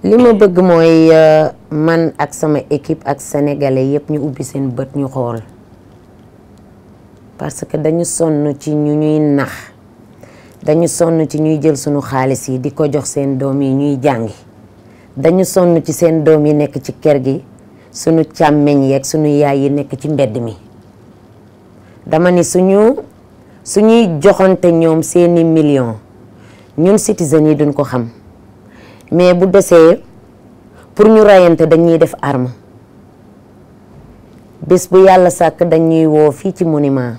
li ma bëgg mooy euh, man ak sama équipe ak sénégalais yëpp ñu ubbi seen bët ñu xool parce que dañu sonn ci ñu ñuy nax dañu sonn ci ñuy jël sunu xaalis yi di ko jox seen doom yi ñuy jàngi dañu sonn ci seen doom yi nekk ci kër gi sunu càmmeñ yeeg sunu yaay yi nekk ci mbedd mi dama ni suñu suñuy joxante ñoom seeni million ñun citoyens yi duñ ko xam mais bu desee pour ñu rayante dañuy def arme bés bu yàlla sàkk dañuy woo fii ci monument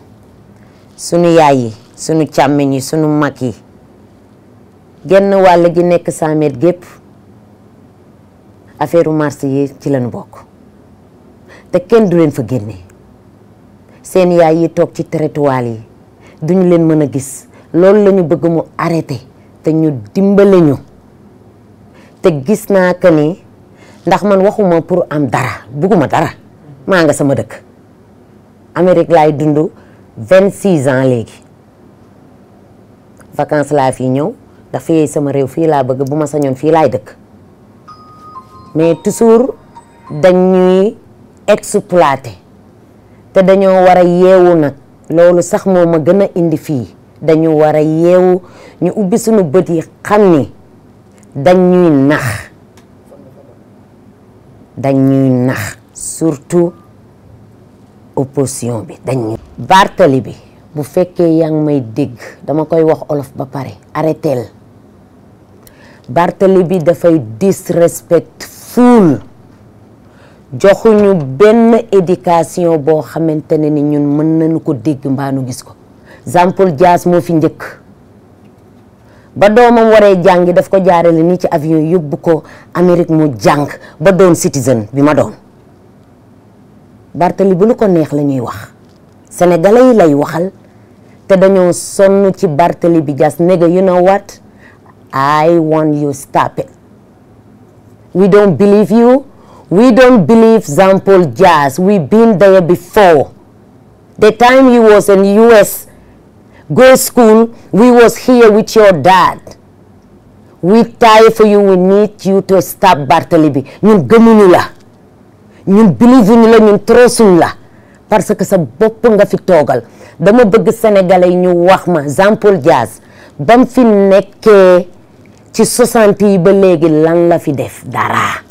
sunu yaay yi sunu càmmiñ yi sunu mag yi genn wàll gi nekk cent mètres gépp affaire mars yi ci lañu bokk te kenn du leen fa génne seen yaay yi toog ci territoire yi duñu leen mën a gis loolu lañu bëgg mu arrêté te ñu dimbale ñu te gis naa que ni ndax man waxuma pour am dara bugguma dara maa nga sama dëkk Amérique laay dund vingt six ans léegi vacances laa fii ñëw ndax fii sama réew fii laa bëgg bu ma sañoon fii laay dëkk mais toujours dañuy exploité te dañoo war a yeewu nag loolu sax moo ma gën a indi fii dañu war a yeewu ñu ubbi suñu bët yi xam ni dañ ñuy nax dañ ñuy nax surtout opposition bi dañ ñuy Bartali bi bu fekkee yaa ngi may dégg dama koy wax olof ba pare arrêteel Bartali bi dafay disrespect fuul joxuñu benn éducation boo xamante ne ni ñun mën nañu ko dégg mbaanu gis ko Jean jaas Dias moo fi njëkk ba doomam waree jàngi daf ko jaarale nii ci avion yóbbu ko Amérique mu jàng ba doon citizen bi ma doon Bartali bu lu ko neex la ñuy wax sénégalais yi lay waxal te dañoo sonn ci Bartali bi jas nega you know what I want you stop it we don't believe you we don't believe Jean Paul Diaz we been there before the time he was in US grade school, we was here with your dad. We die for you, we need you to stop Bartleby. ñun gëmuñu la ñun believe ñu la ñun trosuñu la parce que sa bopp nga fi toogal dama bëgg sénégalais ñu wax ma Jean Paul Diaz ba fi nekkee ci soixante ba léegi lan la fi def dara